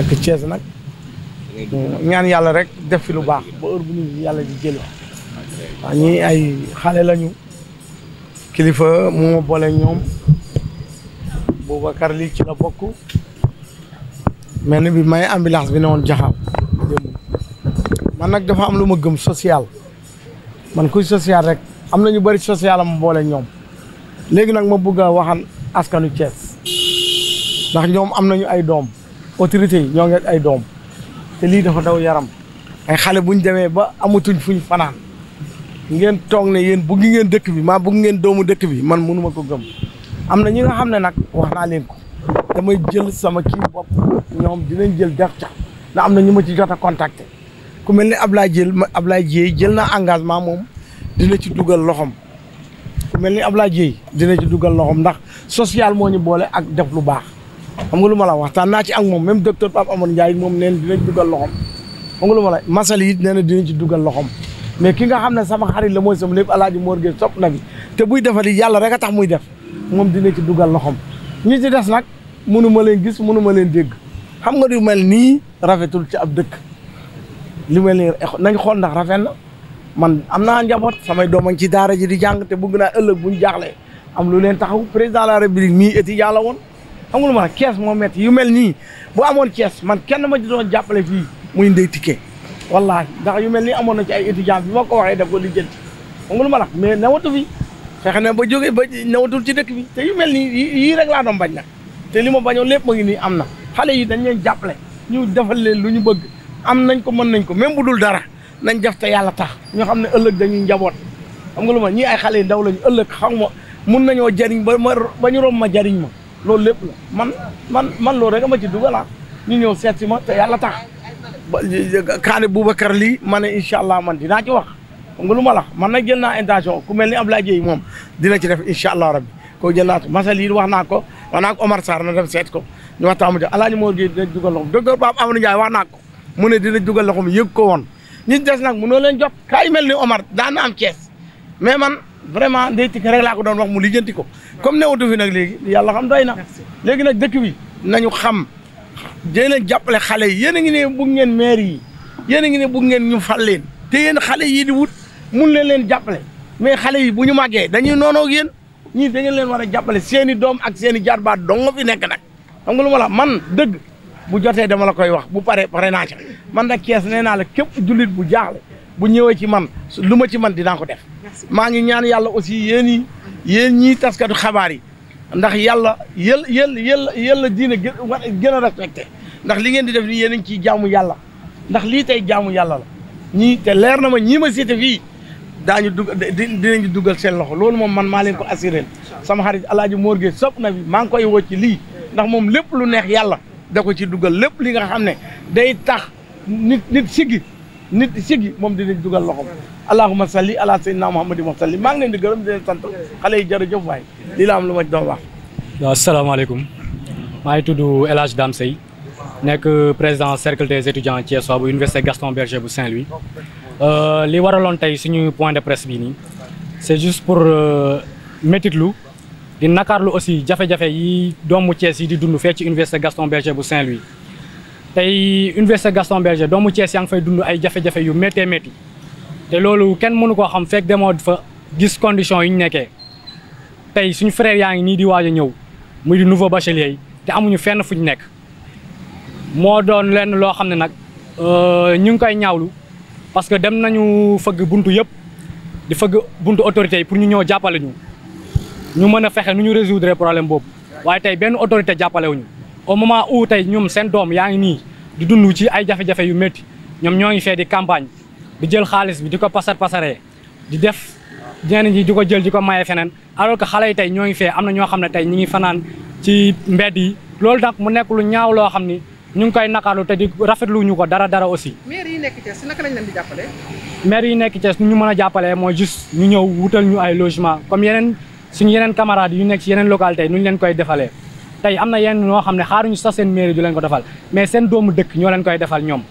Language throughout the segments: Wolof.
nekk nag ñaan yàlla rek def fi lu baax ba yàlla di jëli waaw ñii ay xale lañu kilifa mu boole ñoom Boubacar lii ci bokk mel ni bi may ambulance bi ne woon man nag dafa am lu ma gëm social man kuy social rek am na ñu bëri social am boole ñoom léegi nag ma bëgg a waxan askanu Thiès ndax ñoom am nañu ay doom autorité yi ñoo ngi ay doom te lii dafa daw yaram ay xale buñ demee ba amatuñ fuñ fanaan ngeen toog ne yéen bëgg ngeen dëkk bi maa bëgg ngeen doomu dëkk bi man mënu ko gëm am na ñi nga xam ne nag wax naa leen ko damay jël sama kii bopp ñoom dinañ jël def ca ndax am na ñu ma ci jot a contacter ku mel ne Ablaye jël Ablaye Dieye jël na engagement moom dina ci dugal loxom ku mel ni ab Ablaye Dieye dina ci dugal loxom ndax social moo ñu boole ak def lu baax xam nga lu ma la waxtaan naa ci ak moom même docteur Pape Amadou Ndiaye moom nee na dinañ dugal loxom xam nga lu ma la masal yi nee na dinañ ci dugal loxom mais ki nga xam ne sama xarit la mooy sama lépp alaaji Mor Gueye sopp na bi te buy defali yàlla rek a tax muy def moom dina ci dugal loxom ñi ci des nag mënu ma leen gis mënu ma leen dégg xam nga du mel nii rafetul ci ab dëkk lu mel nii nañ xool ndax rafet na man am naa njaboot samay doom a ci daara ji di jàng te bëgg naa ëllëg buñ jaaxlee am lu leen taxaw président de la mii étudiant la woon xam nga lu ma wax kees moo métti yu mel nii bu amoon kees man kenn ma ci doon jàppale fii muy ndey tikke wallaahi ndax yu mel nii amoon na ci ay étudiants bi ma ko waxee daf ko lijjanti xam nga lu ma wax mais nawatu fi fexe na ba jóge ba nawatul ci dëkk bi te yu mel nii yii rek laa doon bañ nag te li ma bañoon lépp ma ngi nii am na xale yi dañ leen jàppale ñu defal leen lu ñu bëgg am nañ ko mën nañ ko même bu dul dara nañ def te yàlla tax ñu xam ne ëllëg dañuy njaboot xam nga lu ma ñii ay xale yi ndaw lañu ëllëg xam ma mun nañoo jariñ ba ma ba ñu rom ma jariñ ma loolu lépp man man man loolu rek a ma ci dugalaa ah. ñu ñëw seet si ma te yàlla tax ba kaane Boubacar lii ma ne incha allah man dinaa ci wax xam nga lu ma la man na jël naa intention ku mel ni Abdoulaye Dieye moom dina ci def incha allah rabbi koo jël naa ko masal yi wax na ko wax naa ko Omar Sarr na dem seet ko ñu waxtaan mu jox El Hadj Mor Gueye dina dugal loxoom docteur Pape Amadou Ndiaye wax naa ko mu ne dina dugal loxoom yëg ko won nit des nag mënoo leen jot kaa mel ni Omar daan na kees Thiès mais vraiment ndey tikki rek laa ko doon wax mu lijjanti ko comme newatu fi nag léegi yàlla xam doy na léegi nag dëkk bi nañu xam dina jàppale xale yi yéen a ngi ne bëgg ngeen maire yi yéen a ngi ne bëgg ngeen ñu fal leen te yéen xale yi di wut mun leen leen jàppale mais xale yi bu ñu màggee dañuy noonoo ak ñii da ngeen leen war a jàppale seeni doom ak seen i jarbaat dong nga fi nekk nag am nga lu ma la man dëgg bu jotee de ma la koy wax bu pare pare naa ca man nag kees nee naa la képp jullit bu jaaxle bu ñëwee ci man lu ma ci man dinaa ko def maa ngi ñaan yàlla aussi yéen yi yéen ñii taskatu xabaar yi ndax yàlla yël yël yël yël la diine gën a respecté ndax li ngeen di def nii yéen a ngi ciy jaamu yàlla ndax lii tey jaamu yàlla la ñii te leer na ma ñii ma cité fii daañu dugg dinañu duggal seen loxo loolu moom man maa leen ko assuré sama xarit alaaji morgue sopp na fi maa ngi koy woo ci lii ndax moom lépp lu neex yàlla da ko ci dugal lépp li nga xam ne day tax nit nit siggi nit sigi moom dinañ dugal loxoom allahuma salli ala sayyidina muhammadin wa salli maa ngi leen di gërëm di leen sant xale yi jërëjëf waay lii la am lu ma doon wax waaw asalaamaaleykum maa ngi tudd El Hadj Dame nekk président cercle des étudiants Thiessois bu université Gaston Berger bu Saint-Louis euh, li waraloon tey suñu point de presse bi nii c'est juste pour euh, métitlu di nakaarlu aussi jafe-jafe yi doomu Thiès yi di dund fee ci université Gaston Berger bu Saint-Louis tey université Gaston Berger doomu Thiès yaa ngi fay dund ay jafe-jafe yu méttee métti te loolu kenn mënu koo xam fekk demoo fa gis condition yi ñu nekkee tey suñu frère yaa ngi nii di waaj ñëw muy di nouveau bachelier yi te amuñu fenn fu ñu nekk moo doon lenn loo xam ne nag euh, ñu ngi koy ñaawlu parce que dem nañu fëgg bunt yëpp di fëgg bunt autorités yi pour ñu ñëw jàppale ñu ñu mën a fexe nu ñu résoudre problème boobu waaye tey benn autorité jàppalewuñu au moment où tey ñoom seen doom yaa ngi nii di dundu ci ay jafe-jafe yu métti ñoom ñoo ngi fee di campagne di jël xaalis bi di ko pasar pasaree di def ñeneen ñi di ko jël di ko maye feneen alors que xale yi tey ñoo ngi fee am na ñoo xam ne tey ñi ngi fanaan ci mbedd yi loolu nag mu nekk lu ñaaw loo xam ni ñu ngi koy naqarlu te di rafetlu ñu ko dara dara aussi. maire yi nekk Thiès naka nu ñu mën a jàppalee moo juste ñu ñëw wutal ñu ay logement comme yeneen suñu yeneen camarades yu nekk ci yeneen localité nu ñu leen koy defalee tey am na yenn ñoo xam ne xaaruñu sa seen mairie du leen ko defal mais seen doomu dëkk ñoo leen koy defal ñoom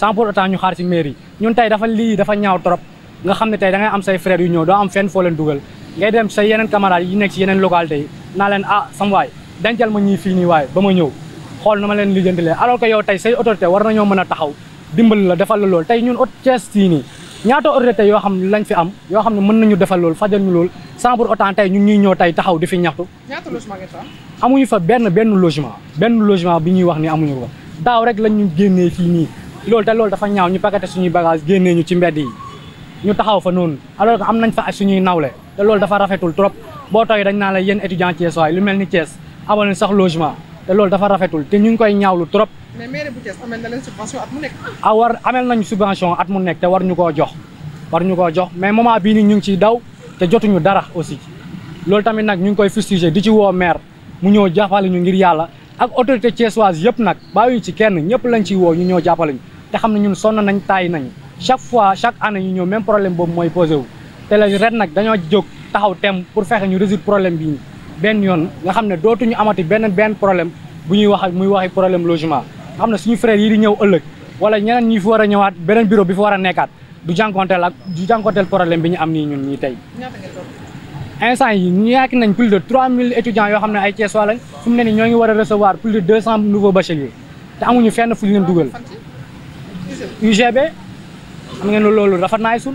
sans pour autant ñu xaar ci mairie ñun tey dafa lii dafa ñaaw trop nga ne tey da ngay am say frères yu ñëw doo am fenn foo leen dugal ngay dem say yeneen camarades yi nekk ci yeneen localité yi naa leen ah sam waay dencal ma ñii fii nii ba ma ñëw xool na leen leen lijjanti leen alors que yow tey say autorité war na nañoo mën a taxaw dimbali la defal la lool tey ñun ot Thiès sii nii ñaata autorité yoo xam ne lañ fi am yoo xam ne mën nañu defal loolu fajal lool loolu sans pour tey ñuy ñëw taxaw di fi ñaxtu. ñaata amuñu fa benn benn logement benn logement bi ñuy wax ni amuñu ko daaw rek lañ ñu génnee fii nii loolu te loolu dafa ñaaw ñu paqueté suñuy bagage génnee ñu ci mbedd yi ñu taxaw fa noonu alors que am nañ fa ak suñuy nawle te loolu dafa rafetul trop boo tooyee dañ naa la yéen étudiant Thiès waaye lu mel ni Thiès amoon sax logement te loolu dafa rafetul te ñu ngi koy ñaawlu trop mais mairie bu Thiès amel na leen subvention ah, war amel nañu subvention at mu nekk te war ñu koo jox war ñu koo jox mais moment bii nii ñu ngi ciy daw te jotuñu dara aussi loolu tamit nag ñu ngi koy fustiger di ci woo maire mu ñëw jàppale ñu ngir yàlla ak autorité thiessoise yëpp nag bàyyiñu ci kenn ñëpp lañ ciy woo ñu ñëw jàppale ñu te xam ne ñun sonn nañ taay nañu chaque fois chaque année ñu ñëw même problème boobu mooy posé wu te la ren nag dañoo jog taxaw tem pour fexe ñu résoudre problème bi benn yoon nga xam ne dootuñu amati benn benn problème bu ñuy wax muy waxi problème logement am na suñu frère yi di ñëw ëllëg wala ñeneen ñi fi war a ñëwaat beneen bureau bi fi war a nekkaat du jànkonteel ak du jànkonteel problème bi ñu am nii ñun ñii tey instant yi ñu yaak nañ plus de 3000 étudiants yoo xam ne ay Thiessois lañ fu mu ne ni ñoo ngi war a recevoir plus de 200 nouveaux bacheliers te amuñu fenn fu ñu leen dugal UGB xam ngeen loolu rafet naay sul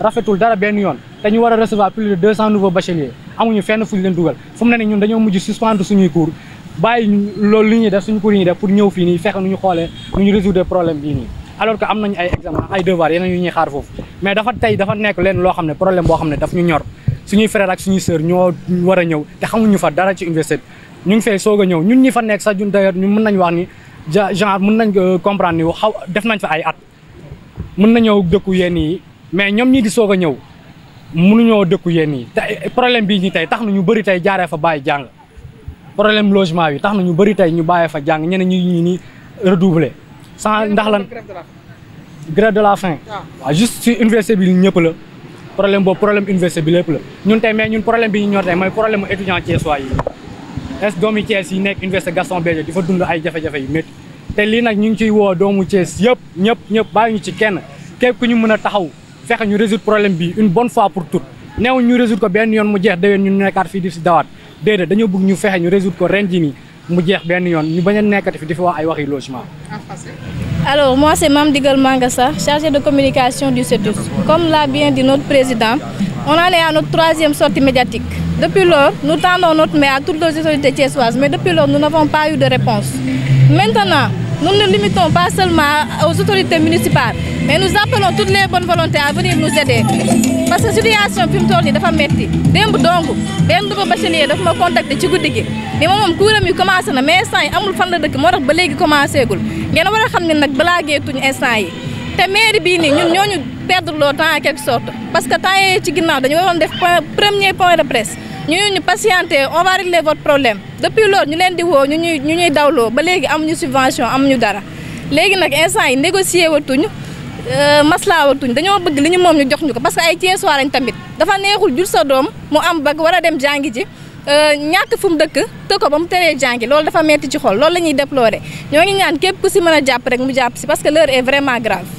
rafetul dara benn yoon te war a recevoir plus de 200 nouveaux bacheliers amuñu fenn fu ñu leen dugal fu mu ne nii ñun dañoo mujj suspendre suñuy cours bàyyi loolu li ñuy def suñu ko yi ñuy def pour ñëw fii nii fexe nu ñu xoolee nu ñu résoudre problème bii nii alors que am nañu ay examen ay devoir yeneen yu ñuy xaar foofu mais dafa tey dafa nekk leen loo xam ne problème boo xam ne daf ñu ñor suñuy frère ak suñuy sœur ñoo war a ñëw te xamuñu fa dara ci université ñu ngi fay soog a ñëw ñun ñi fa nekk sax ñun d'ailleurs ñu mën nañ wax ni genre mën nañ euh, comprendre ni xaw def nañ fa ay at mën nañoo dëkku yenn yi mais ñoom ñii di soog a ñëw mënuñoo dëkku yenn yi te eh, problème bii ñi tey tax na ñu bëri tey jaaree fa bàyyi jàng problème logement yi tax na ñu bëri tey ñu bàyyi fa jàng ñeneen ñu ñu ni redoubler sans ndax lan grève de la faim ah. waaw juste si université bi ñëpp la problème boobu problème université bi lépp la ñun tey mais ñun problème bi ñu ñor tey mooy problème mu étudiant Thiessois yi est doomu yi nekk université Gaston Berger di fa dund ay jafe-jafe yu métti te lii nag ñu ngi ciy woo doomu Thiès yëpp ñëpp ñëpp bàyyi ñu ci kenn képp ku ñu mën a taxaw fexe ñu résoudre problème bi une bonne pour toutes neewu ñu résoudre ko benn yoon mu jeex déwén ñu nekkaat fii di si dawaat déedéet dañoo bëgg ñu fexe ñu résoudre ko ren jii nii mu jeex benn yoon ñu bañ a nekkati fi di fi wax ay waxi logement. alors moi c'est Mame Digal Mangassa chargé de communication du CETUS comme l'a bien dit notre président on en est à notre troisième sortie médiatique depuis lors nous tendons notre main à toutes les autorités thiessoises mais depuis lors nous n'avons pas eu de réponse maintenant Nous ne limitons pas seulement aux autorités municipales, mais nous appelons toutes les bonnes volontés à venir nous aider. Parce que la situation fi mu toll nii dafa metti démb dong benn dugub bachelier dafa ma contacter ci guddi gi ne ma moom kuuram commencé na mais instant yi amul fan la dëkk moo tax ba léegi commencé gul xam ne nag balaa geetuñu instant yi te mairie bii nii ñun ñooñu perdre le temps en quelque sorte parce que temps yii ci ginnaaw dañu waroon def premier point de presse. ñu ñu patienter on va régler votre problème depuis loolu ñu leen di woo ñu ñuy ñu ñuy dawloo ba léegi amuñu subvention amuñu dara léegi nag instant yi négocier watuñu euh, maslaawatuñ dañoo bëgg li ñu moom ñu jox ñu ko parce que ay Thiessois lañ tamit dafa neexul jur sa doom mu am bag war a dem jàngi ji euh, ñàkk fu mu dëkk te ko ba mu teree jàngi loolu dafa metti ci xol loolu la ñuy déplorer ñoo ngi ñaan képp ku si jàpp rek mu jàpp si parce que l'heure est vraiment grave